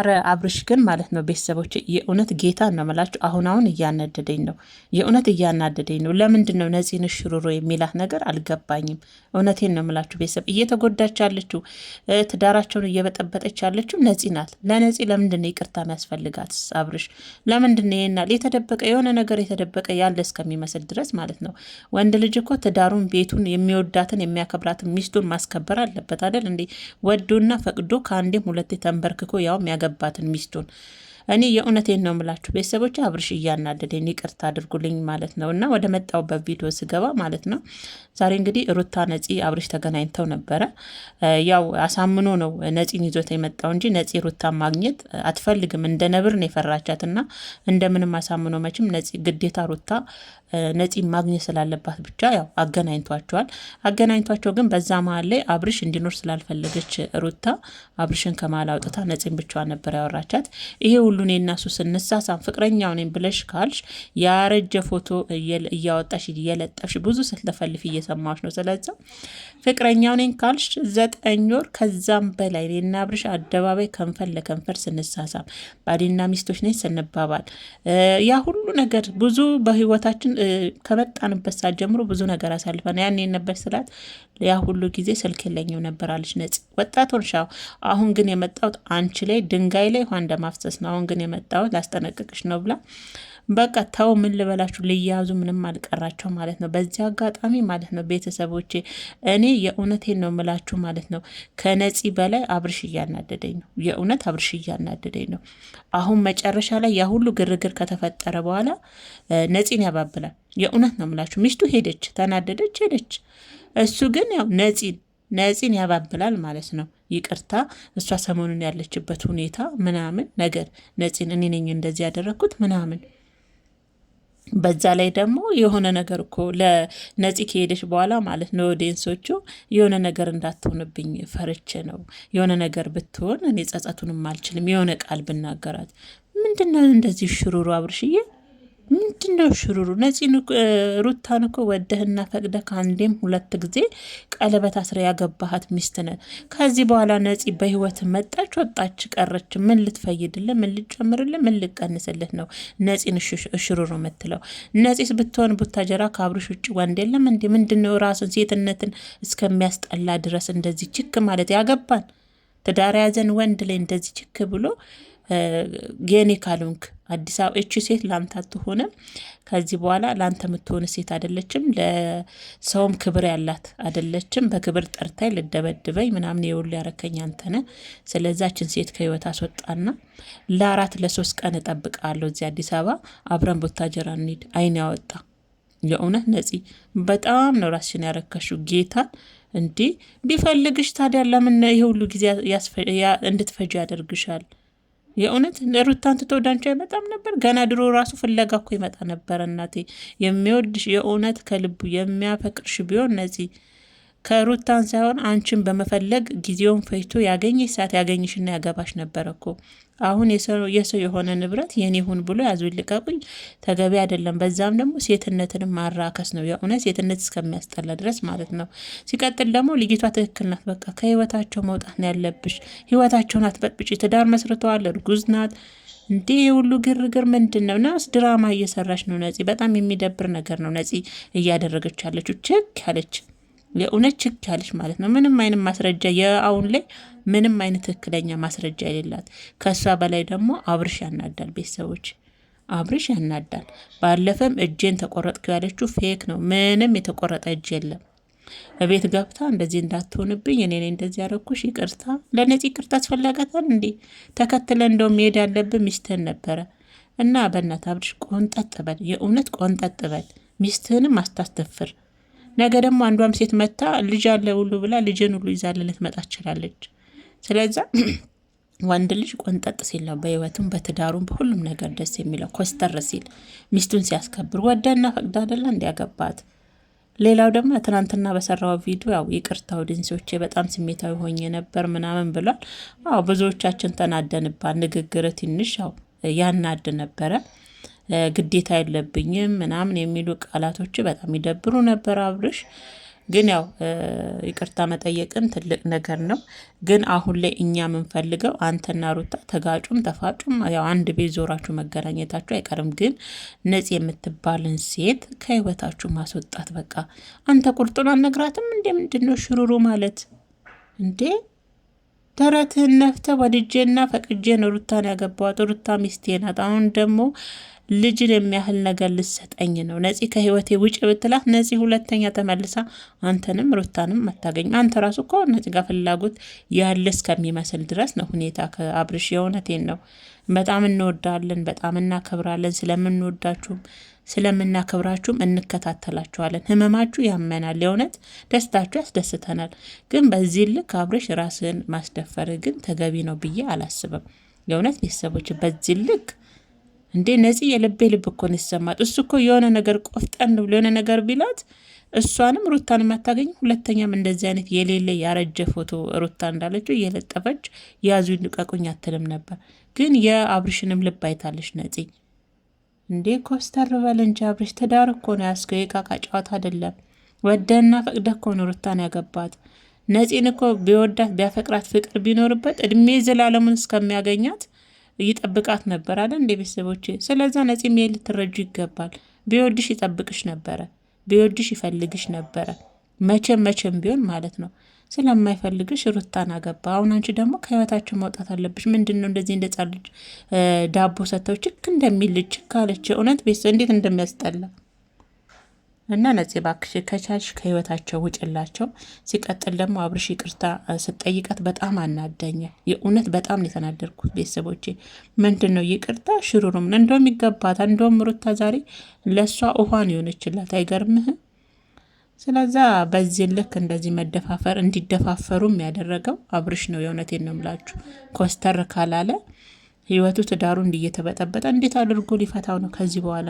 አረ አብርሽ ግን ማለት ነው ቤተሰቦች የእውነት ጌታ ነው የምላችሁ፣ አሁን አሁን እያናደደኝ ነው፣ የእውነት እያናደደኝ ነው። ለምንድን ነው ነፂን ሽሩሮ የሚላት ነገር አልገባኝም። እውነቴን ነው የምላችሁ ቤተሰብ፣ እየተጎዳች ያለችው ትዳራቸውን እየበጠበጠች ያለችው ነፂ ናት። ለነፂ ለምንድን ነው ይቅርታ የሚያስፈልጋት? አብርሽ ለምንድን ነው ይናል? የተደበቀ የሆነ ነገር የተደበቀ ያለ እስከሚመስል ድረስ ማለት ነው። ወንድ ልጅ እኮ ትዳሩን፣ ቤቱን፣ የሚወዳትን የሚያከብራትን ሚስቱን ማስከበር አለበት አይደል እንዴ? ወዶና ፈቅዶ ከአንዴም ሁለቴ ተንበርክኮ ያው ያገባትን ሚስቱን እኔ የእውነቴን ነው ምላችሁ ቤተሰቦች አብርሽ እያናደደኝ ይቅርታ አድርጉልኝ ማለት ነው። እና ወደ መጣውበት ቪዲዮ ስገባ ማለት ነው ዛሬ እንግዲህ ሩታ ነፂ አብርሽ ተገናኝተው ነበረ። ያው አሳምኖ ነው ነፂን ይዞት የመጣው እንጂ ነፂ ሩታ ማግኘት አትፈልግም። እንደ ነብር ነው የፈራቻት እና እንደምንም አሳምኖ መቼም ነፂ ግዴታ ሩታ ነፂ ማግኘት ስላለባት ብቻ ያው አገናኝቷቸዋል። አገናኝቷቸው ግን በዛ መሀል ላይ አብርሽ እንዲኖር ስላልፈለገች ሩታ አብርሽን ከመሀል አውጥታ ነፂን ብቻዋን ነበር ያወራቻት ይሄ ሁሉ እኔ እና እሱ ስንሳሳም ፍቅረኛው ነኝ ብለሽ ካልሽ ያረጀ ፎቶ እያወጣሽ እየለጠፍሽ ብዙ ስትለፈልፊ እየሰማሽ ነው። ስለዛ ፍቅረኛው ነኝ ካልሽ ዘጠኝ ወር ከዛም በላይ እኔ እና አብርሽ አደባባይ ከንፈር ለከንፈር ስንሳሳም ባልና ሚስቶች ነኝ ስንባባል ያ ሁሉ ነገር ብዙ በህይወታችን ከመጣንበት ሰዓት ጀምሮ ብዙ ነገር አሳልፈን ያን የነበር ስላት ያ ሁሉ ጊዜ ስልክ የለኝም ነበር አለች ነጽ። ወጣት ሆንሻ፣ አሁን ግን የመጣሁት አንቺ ላይ ድንጋይ ላይ ውሃ እንደማፍሰስ ነው። አሁን ግን የመጣው ላስጠነቅቅሽ ነው ብላ በቃ ተው፣ ምን ልበላችሁ፣ ልያዙ ምንም አልቀራቸው ማለት ነው። በዚህ አጋጣሚ ማለት ነው ቤተሰቦቼ፣ እኔ የእውነቴን ነው ምላችሁ ማለት ነው። ከነፂ በላይ አብርሽ እያናደደኝ ነው። የእውነት አብርሽ እያናደደኝ ነው። አሁን መጨረሻ ላይ ያ ሁሉ ግርግር ከተፈጠረ በኋላ ነፂን ያባብላል። የእውነት ነው ምላችሁ። ሚስቱ ሄደች፣ ተናደደች፣ ሄደች። እሱ ግን ያው ነፂን ነፂን ያባብላል ማለት ነው። ይቅርታ እሷ ሰሞኑን ያለችበት ሁኔታ ምናምን ነገር ነፂን እኔ ነኝ እንደዚህ ያደረግኩት ምናምን በዛ ላይ ደግሞ የሆነ ነገር እኮ ለነፂ ከሄደች በኋላ ማለት ነው ኦዲየንሶቹ የሆነ ነገር እንዳትሆንብኝ ፈርቼ ነው። የሆነ ነገር ብትሆን እኔ ጸጸቱንም አልችልም። የሆነ ቃል ብናገራት ምንድነው እንደዚህ ሽሩሩ አብርሽዬ ምንድነው ሽሩሩ? ነፂን ሩታን እኮ ወደህና ፈቅደ ከአንዴም ሁለት ጊዜ ቀለበት አስረ ያገባሃት ሚስት ነ ከዚህ በኋላ ነፂ በህይወት መጣች ወጣች ቀረች፣ ምን ልትፈይድልህ፣ ምን ልጨምርልህ፣ ምን ልቀንስልህ ነው ነፂን ሽሩሩ የምትለው? ነፂስ ብትሆን ቡታጀራ ከአብርሽ ውጭ ወንድ የለም እንዲ ምንድነው ራሱን ሴትነትን እስከሚያስጠላ ድረስ እንደዚህ ችክ ማለት ያገባን ትዳር ያዘን ወንድ ላይ እንደዚህ ችክ ብሎ የኔ ካልሆንክ አዲስ አበባ እቺ ሴት ላንተ አትሆንም። ከዚህ በኋላ ላንተ የምትሆን ሴት አደለችም። ለሰውም ክብር ያላት አደለችም። በክብር ጠርታይ ልደበድበኝ ምናምን የውል ያረከኝ አንተነ። ስለዛችን ሴት ከህይወት አስወጣና ለአራት ለሶስት ቀን እጠብቃለሁ እዚህ አዲስ አበባ አብረን ቦታጀራ እንሂድ። አይን ያወጣ የእውነት ነፂ፣ በጣም ነው ራስሽን ያረከሹ ጌታን እንዲህ ቢፈልግሽ ታዲያ ለምን ይህ ሁሉ ጊዜ እንድትፈጅ ያደርግሻል? የእውነት ሩታን ትቶ ወዳንቺ አይመጣም ነበር። ገና ድሮ ራሱ ፍለጋ እኮ ይመጣ ነበር። እናቴ የሚወድሽ የእውነት ከልቡ የሚያፈቅርሽ ቢሆን እነዚህ ከሩታን ሳይሆን አንቺን በመፈለግ ጊዜውን ፈጅቶ ያገኘሽ ሰዓት ያገኝሽና ያገባሽ ነበር እኮ። አሁን የሰው የሆነ ንብረት የኔ ሁን ብሎ ያዙኝ ልቀቁኝ፣ ተገቢ አይደለም። በዛም ደግሞ ሴትነትን ማራከስ ነው። የእውነት ሴትነት እስከሚያስጠላ ድረስ ማለት ነው። ሲቀጥል ደግሞ ልጅቷ ትክክል ናት። በቃ ከህይወታቸው መውጣት ነው ያለብሽ። ህይወታቸውን አትበጥብጭ። ትዳር መስርተዋል፣ እርጉዝ ናት። እንዲህ የሁሉ ግርግር ምንድን ነው? ናስ ድራማ እየሰራች ነው ነፂ። በጣም የሚደብር ነገር ነው ነፂ እያደረገች ያለችው። ችክ ያለች የእውነት ችክ ያለች ማለት ነው። ምንም አይነት ማስረጃ የአሁን ላይ ምንም አይነት ትክክለኛ ማስረጃ የሌላት። ከእሷ በላይ ደግሞ አብርሽ ያናዳል ቤተሰቦች አብርሽ ያናዳል። ባለፈም እጄን ተቆረጥኩ ያለችው ፌክ ነው። ምንም የተቆረጠ እጅ የለም። በቤት ገብታ እንደዚህ እንዳትሆንብኝ እኔ እንደዚህ ያረኩሽ ይቅርታ። ለነዚህ ይቅርታ አስፈላጋታል እንዴ? ተከትለ እንደው መሄድ ያለብን ሚስትህን ነበረ እና በእናትህ አብርሽ ቆንጠጥ በል፣ የእውነት ቆንጠጥ በል። ሚስትህንም አስታስተፍር ነገ ደግሞ አንዷም ሴት መታ ልጅ አለ ሁሉ ብላ ልጅን ሁሉ ይዛለ ልትመጣ ትችላለች። ስለዛ ወንድ ልጅ ቆንጠጥ ሲል ነው በህይወቱም በትዳሩም በሁሉም ነገር ደስ የሚለው ኮስተር ሲል ሚስቱን ሲያስከብር ወደና ፈቅዳ አደላ እንዲያገባት። ሌላው ደግሞ ትናንትና በሰራው ቪዲዮ ያው ይቅርታው ድንሶቼ በጣም ስሜታዊ ሆኜ ነበር ምናምን ብሏል። አዎ ብዙዎቻችን ተናደንባት ንግግር ትንሽ ያው ያናድ ነበረ። ግዴታ የለብኝም ምናምን የሚሉ ቃላቶች በጣም ይደብሩ ነበር አብርሽ። ግን ያው ይቅርታ መጠየቅም ትልቅ ነገር ነው። ግን አሁን ላይ እኛ የምንፈልገው አንተና ሩታ ተጋጩም ተፋጩም ያው አንድ ቤት ዞራችሁ መገናኘታችሁ አይቀርም። ግን ነፂ የምትባልን ሴት ከህይወታችሁ ማስወጣት በቃ። አንተ ቁርጡን አልነግራትም እንዴ? ምንድን ነው ሽሩሩ ማለት እንዴ? ተረትህን ነፍተህ ወድጄና ፈቅጄ ነው ሩታን ያገባዋት። ሩታ ሚስቴ ናት። አሁን ደግሞ ልጅን የሚያህል ነገር ልሰጠኝ ነው ነፂ ከህይወቴ ውጭ ብትላት ነፂ ሁለተኛ ተመልሳ አንተንም ሩታንም አታገኝ። አንተ ራሱ እኮ ነፂ ጋር ፍላጎት ያለ እስከሚመስል ድረስ ነው ሁኔታ። ከአብርሽ የእውነቴን ነው። በጣም እንወዳለን፣ በጣም እናከብራለን። ስለምንወዳችሁም ስለምናከብራችሁም እንከታተላችኋለን። ህመማችሁ ያመናል፣ የእውነት ደስታችሁ ያስደስተናል። ግን በዚህ ልክ አብርሽ ራስን ማስደፈር ግን ተገቢ ነው ብዬ አላስብም። የእውነት ቤተሰቦች በዚህ ልክ እንዴ ነፂ የልቤ ልብ እኮን ይሰማል። እሱ እኮ የሆነ ነገር ቆፍጠን ብሎ የሆነ ነገር ቢላት እሷንም ሩታን የማታገኝ ሁለተኛም እንደዚህ አይነት የሌለ ያረጀ ፎቶ ሩታ እንዳለችው እየለጠፈች ያዙ ልቀቁኝ አትልም ነበር። ግን የአብርሽንም ልብ አይታለች ነፂ። እንዴ ኮስተር በል እንጂ አብርሽ፣ ትዳር እኮ ነው ያስገው፣ የቃቃ ጨዋታ አይደለም። ወደና ፈቅደ እኮ ነው ሩታን ያገባት። ነፂን እኮ ቢወዳት ቢያፈቅራት ፍቅር ቢኖርበት እድሜ ዘላለሙን እስከሚያገኛት እየጠብቃት ነበር አለ እንደ ቤተሰቦች። ስለዛ ነፂም ልትረጁ ይገባል። ቢወድሽ ይጠብቅሽ ነበረ፣ ቢወድሽ ይፈልግሽ ነበረ። መቼም መቼም ቢሆን ማለት ነው። ስለማይፈልግሽ ሩታን አገባ። አሁን አንቺ ደግሞ ከህይወታቸው መውጣት አለብሽ። ምንድን ነው እንደዚህ እንደ ጻልጅ ዳቦ ሰጥተው ችክ እንደሚል ልጅ ካለች እውነት ቤተሰብ እንዴት እንደሚያስጠላ እና ነጽ ባክሽ ከቻልሽ ከህይወታቸው ውጭላቸው። ሲቀጥል ደግሞ አብርሽ ይቅርታ ስጠይቀት በጣም አናደኘ። የእውነት በጣም ነው የተናደርኩት። ቤተሰቦቼ ምንድን ነው ይቅርታ ሽሩሩም እንደውም ይገባታል። እንደውም ሩታ ዛሬ ለእሷ ውሃን የሆነችላት አይገርምህም? ስለዛ በዚህ ልክ እንደዚህ መደፋፈር እንዲደፋፈሩም ያደረገው አብርሽ ነው። የእውነቴን ነው የምላችሁ። ኮስተር ካላለ ህይወቱ ትዳሩ እንዲየተበጠበጠ እንዴት አድርጎ ሊፈታው ነው ከዚህ በኋላ?